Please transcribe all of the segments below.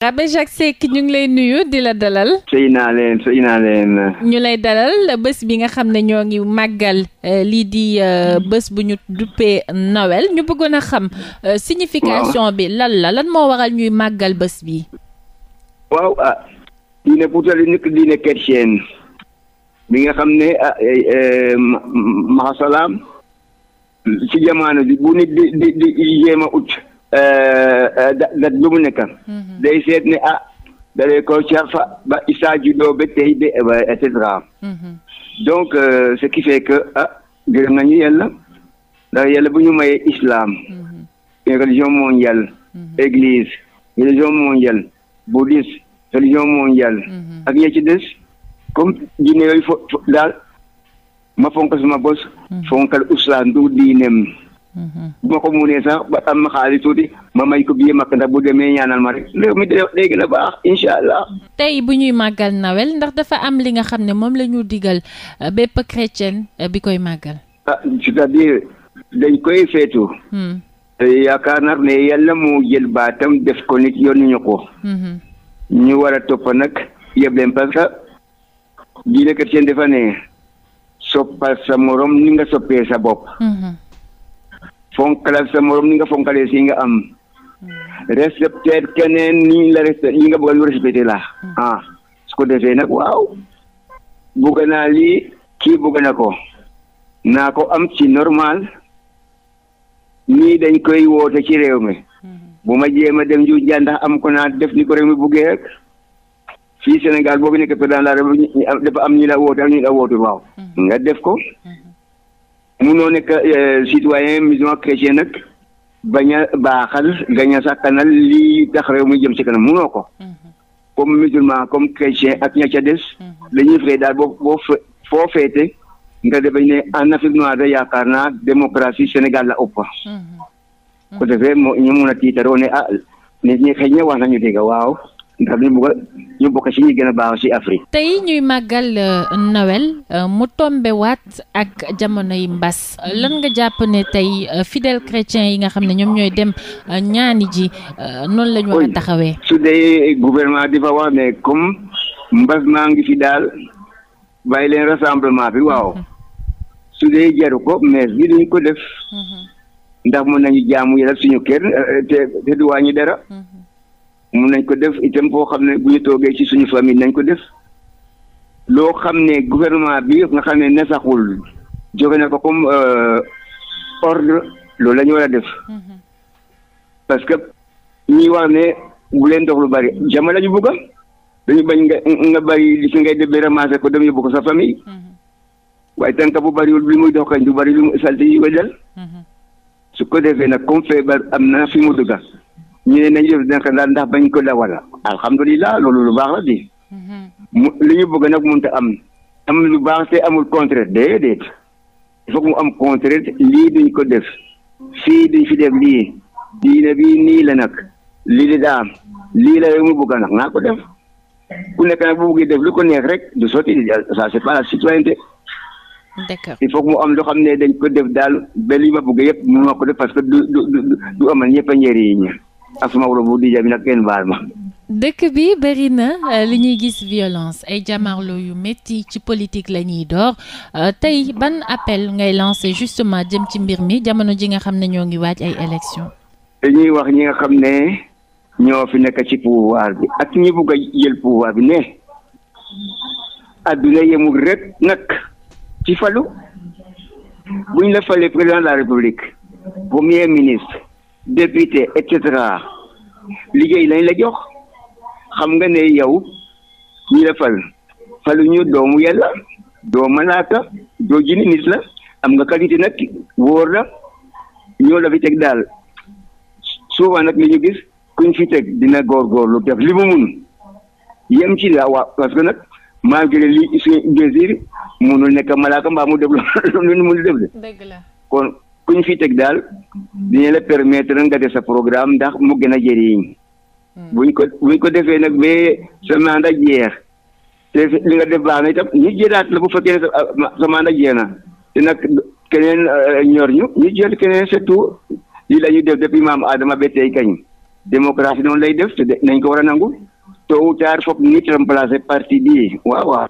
Abbé Jacques Seck ñu ngi lay nuyu di la dalal. sëy naa leen sëy naa ñu lay dalal bés bi nga xam ne ñoo ngi màggal euh, lii di euh, bés bu ñu duppee Noël ñu bëggoon a xam. Euh, signification bi lan la lan moo waral ñuy màggal bés bi. waaw ah. diine puutali nekk diine chrétienne bi nga xam ne ah eh, eh, maxasalaam ci jamaano bi bu nit di di di jéem a ut. Eh, eh, dat lu mu nekk mhm. day seet ne ah dalee ko carfa ba isaa juddoo ba tey ba et cetera mhm. donc euh, ce qui fait que ah gërëm nañu yàlla ndax yàlla bu ñu mayee islam mhm. religion mondiale église religion mondiale bouddhiste religion mondiale ak yee ci des comme diine yooyu fo daal ma fonkal sama bos fonkal uslaan du diineem bu ma ko munee sax ba am ma xaalis tuuti ma may ko bii makk ndax bu demee ñaanal ma rek léegi mi day gën a baax incha allah. tey bu ñuy màggal nawel ndax dafa am li nga xam ne moom la ñu digal euh, bépp chrétien euh, bi koy màggal. ah cest à dañ koy feetu. Hmm. yaakaar naa ne yàlla moo jël baatam def ko nit yónnuñu ko. Hmm. ñu war a topp nag yëpp leen parce que diine chrétien dafa ne soppal sa morom ni nga soppee sa bopp. Hmm. fonkalal sa morom ni nga fonkalee si nga am hmm. respecté keneen ni la respecté nga bëgg ñu respecté la hmm. ah su ko defee nag waaw bëgg naa lii kii bëgg na ko naa ko am ci normal nii dañ koy woote ci réew mi hmm. bu ma jéem a dem ju ndax ko naa def rek fii Sénégal boo fi am ñu la woote am ñu la woote waaw nga def ko munoo nekk euh, citoyen musulman chrétien nag bañ a baaxal gañ a sakkanal lii tax réew mu jëm ci kanam munoo ko mhm. comme musulman comme chrétien ak ña ca des dañuy mhm. fay daal boo boo foo féete nga def ne en Afrique noire da yaakaar naa démocratie Sénégal la ëpp mhm. ko defee moo ñu mun a tiitaroo ne ah nit ñi xëy na wax waaw ndax duñu bëgg ñu bokk ci ñi gën a baax ci Afrique. tey ñuy màggal euh, Noël euh, mu tombe wat ak yi mbas lan nga jàpp ne tey euh, fidèles chrétiens yi nga xam ne ñoom ñooy dem ñaani ji noonu la ñu a taxawee. su dee gouvernement di fa wax ne comme mbas maa ngi fi daal bàyyi leen rassemblement bi waaw mm-hmm. su dee jaru ko mais bi duñ ko def mm-hmm. ndax mën nañu jaamu yàlla suñu kër te te du wàññi dara. Mm-hmm. mun nañ ko def itam foo xam ne bu ñu toogee ci suñu famille nañ ko def loo xam ne gouvernement bi nga xam ne nasaxul joxe na ko comme euh, ordre loolu la ñu war a def mm-hmm. parce que ñuy wax ne bu leen dox lu bari jàmm la ñu bëgg dañu bañ nga nga bari li fi ngay debee ramasser ko dem yóbbu ko sa famille mm-hmm. waaye tànk bu bariwul li muy dox kañ du bari lu mu salté yi weddal mm-hmm. su ko defee nag comme feebar am na fi mu dugga ñu ne nañu def dànk daal ndax bañ ko dawal alhamdulilah loolu lu baax la di. Mhm. mu li ñu bëgg nag mënut a am am lu baax te amul contraire déedéet il faut mu am contraire lii duñ ko def fii duñ fi def lii diine bi nii la nag lii di daa am lii la mu bëgg nag naa ko def u nekk nag bu bëggee def lu ko neex rek du sotti ça c'est pas la citoyenneté. d'accord mu am loo xam ne dañ ko def daal ba li ma bëgg yëpp mënoo ko def parce que du du du amal ñëpp a ak sama bu di bi nag kenn baal ma. dëkk bi bëri na euh, li ñuy gis violence ay jamarlo yu metti ci politique la ñuy door euh, tey ban appel ngay lancé justement jëm ci mbir mi jamono ji nga xam ne ñoo ngi waaj ay élections. dañuy wax ñi nga xam ne ñoo fi nekk ci pouvoir bi ak ñi bugg a jël pouvoir bi ne adduna yemul rek nag ci falu buñ la falee président la république premier ministre. député et cetera liggéey lañ la jox xam nga ne yow ñi la fal ñu doomu yàlla doo malaaka doo jinni nit la am nga qualité nag wóor la ñoo la fi teg daal souvent nag li ñu gis kuñ fi teg dina góorgóorlu def li mu mun yem ci la waa parce que nag malgré li suñu désir munul nekk malaaka mbaa mu def lu mu def de kon ku ñu fi teg daal dina la permettre nga def sa programme ndax mu gën a jëriñ hmm. buñ ko buñ ko defee nag ba sa mandat jeex te li nga def baax na itam ñu jëlaat la bu fekkee ne sa mandat jeex na te nag keneen euh, ñor ñu ñu jël keneen surtout lii la ñuy def depuis maam Adama ba tey kañ démocratie noonu lay def te nañ ko war a nangu to ou tard foog nit remplacer parti bii waaw waaw.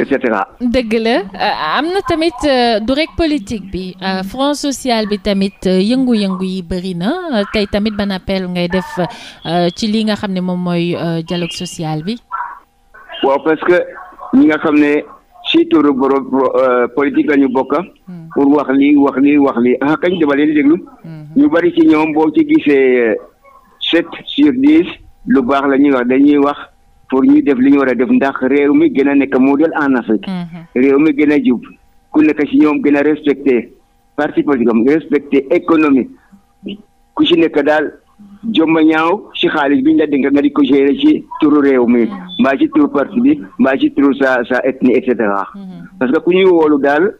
et cetera. dëgg la euh, am na tamit euh, du rek politique bi euh, front sociale bi tamit yëngu-yëngu yi bëri na tey tamit ban appel ngay def ci li nga xam ne moom mooy dialogue social bi. waaw parce que ñi nga xam ne si turu borom ñu bokk. Hmm. pour wax lii wax lii wax lii ah kañ dama leen déglu. Hmm. ñu bari ci ñoom boo ci gisee sept sur dix lu baax la ñuy wax dañuy wax. pour ñu def li ñu war a def ndax réew mi gën a nekk modèle en Afrique. Mhm. réew mi gën a jub ku nekk ci ñoom gën a respecté parti politique am respecté ku ci nekk daal jomma ñaaw ci xaalis bi la dénk nga di ko ci turu réew mi mhm. mbaa ci turu bi mbaa ci turu sa sa ethnie et cetera mhm. parce que ku ñuy woolu daal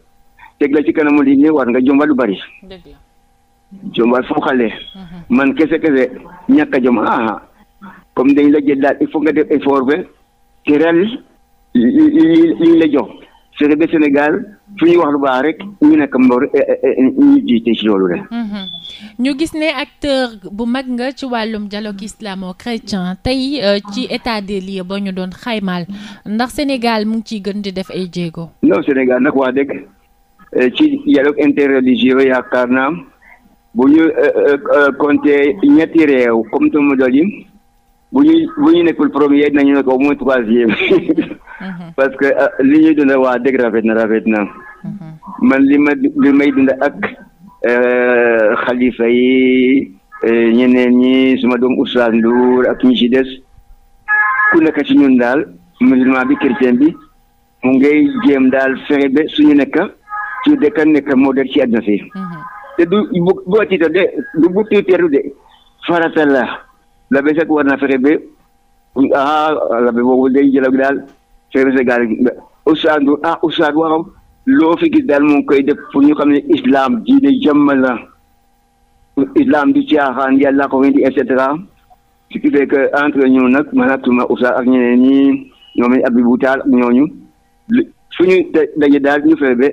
teg la ci kanamu li ne war nga jombal lu bari. jombal foo man kese kese ñàkk a jom ah, ah. comme dañ la jël daal il faut nga def effort ba ci ren li la jox fexe ba Sénégal fu ñu wax lu baax rek ñu nekk mboor eh, eh, eh, ñu jiite mhm. gis ne acteur bu mag nga ci wàllum dialogue islamo-chrétien tey euh, ci état des lieux ba ñu doon xaymaal ndax Sénégal mu ngi ciy gën di def ay jéego. non Sénégal nag waa dëgg euh, ci dialogue interreligieux yaakaar naa bu ñu euh, compter ñetti réew comme tu ma bu ñuy bu ñu nekkul premier dinañu nekk au moins parce que ah, li ñuy dund waa dëgg rafet na rafet na mhm. man li ma li may dund ak euh, xalifa yi euh, ñeneen ñi suma doom Oustaz Ndour ak ñi ci des ku nekk ci ñun daal musulman bi chrétien bi mu ngay jéem daal fexe ba suñu nekk ci dëkk nekk moo def ci àdduna si mhm. te du bu bu tiital de du bu tiitalu de farata la labe sax war na ah labe boobu day jëlag daal fexe sa gaal ustaas waram loo fi gis daal mu ngi koy def pour ñu xam ne islam diine jàmm la islam du caaxaan yàlla ko indi et cetera ce qui fait que entre ñu nag maanaam tuma ustaas ak ñeneen ñi ñoom it Abibou Tall ak ñooñu fu ñu daje daal ñu fexe ba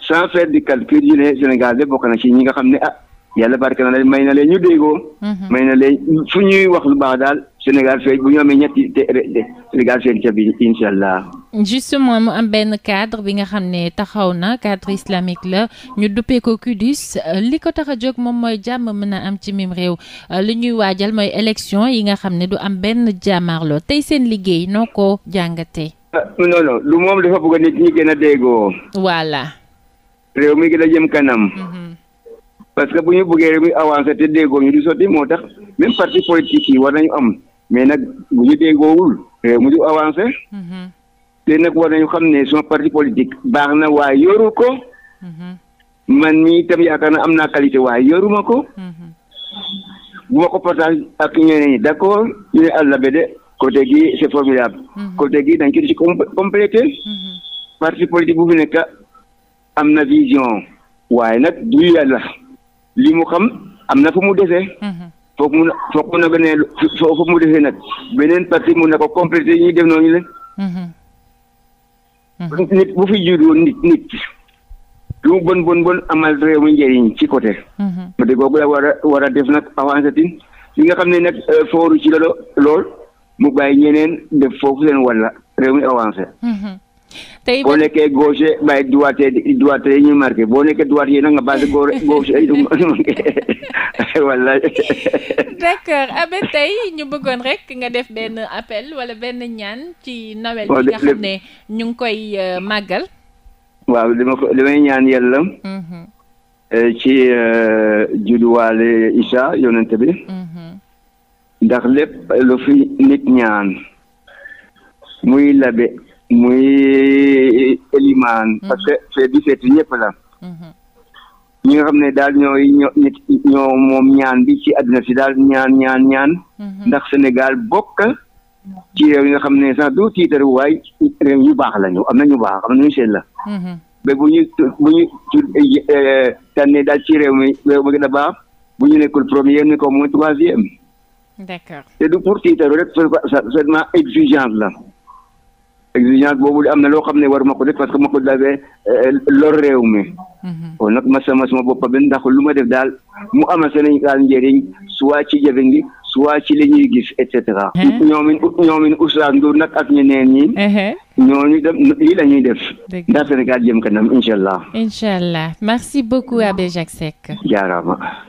sans faire du calcul yu ne Sénégal de bokk na ci ñi nga xam ne ah. yàlla barke na leen may na leen ñu déggoo. Mhm. may na leen fu ñuy wax lu baax daal Sénégal feeñ bu ñu amee ñetti te Sénégal feeñ ca bi incha allah. am benn cadre bi nga xam ne taxaw na cadre islamique la ñu duppee ko CUDIS euh, li ko tax a jóg moom mooy jàmm mën a am ci mim réew euh, li ñuy waajal mooy élection yi nga xam ne du am benn jàmmaarloo tey seen liggéey noo ko jàngatee. Euh, non gën a déggoo. voilà. gën a jëm kanam. Mhm. parce que bu ñu bëggee rek muy avancé te déggoo ñu di sotti moo tax même parti politique yi war nañu am mais nag bu ñu déggoowul réew mu du avancé. Mm-hmm. te nag war nañu xam ne suma parti politique baax na waaye yorul ko. Mm-hmm. man mii itam yaakaar na am naa qualité waaye yoruma ko. Mm-hmm. bu ma ko partage ak ñeneen ñi d' accord ne àll ba de côté gi c' est formidable. côté gi dañ ko ci complété. parti politique bu fi nekk am na vision waaye nag du yàlla. li mu xam am na fu mu desee foog mu mhm. foog mu ne ko ne foo mu desee nag beneen parti mun na ko complété yi ñuy def noonu la. Mhm. Mhm. nit bu fi jiitu woon nit nit lu mu bon bon bon amal réew mi njëriñ ci côté. ma dégg kooku la war a war a def nag avancé tin li nga xam ne nag euh, fooru ci la lool mu bàyyi ñeneen def foofu seen walla réew mi avancé. tey boo nekkee gauche bay droite droite yi ñuy marqué boo nekkee droite yi nag nga gauche yi ñu marqué wallaay. d'accord ah, tey ñu bëggoon rek nga def benn appel wala benn ñaan ci Noël bi nga xam ne ñu ngi koy euh, màggal. waaw li ma ko li may ñaan yàlla. Mm-hmm. Eh, ci euh, judduwaale Isa yonent bi. Mm-hmm. ndax lépp lu fi nit ñaan muy labe. muy Elimane. Mm-hmm. parce que c'est dix-sept ñëpp la. Mm-hmm. ñi nga xam ne daal ñooy ñoo ñoo moom ñaan bi ci àddina si daal ñaan ñaan ñaan. Mm-hmm. ndax Sénégal bokk ci réew yi nga xam ne sax du tiitaru waaye réew yu baax lañu am na ñu baax am na ñu seen la. ba bu ñu bu ñu euh, tànnee daal ci réew mi réew mi gën a baax bu ñu nekkul premier ni ko mooy troisième. d'accord te du pour tiitaru rek seulement exigence la. exigence boobu am na loo xam ne waruma ko def parce ma ko dafee eh, lor réew mi. Mhm. kon nag ma sama sama boppam ndax lu ma def daal mu amal Sénégal njëriñ soit ci jafe ngi soit ci li ñuy gis et cetera. ñoomin ñoomin Ousmane Ndour nag ak ñeneen ñi. Mhm. ñooñu dem lii la ñuy def. ndax Sénégal jëm kanam incha allah. incha allah merci beaucoup Abbé Jacques Seck. jaaraama.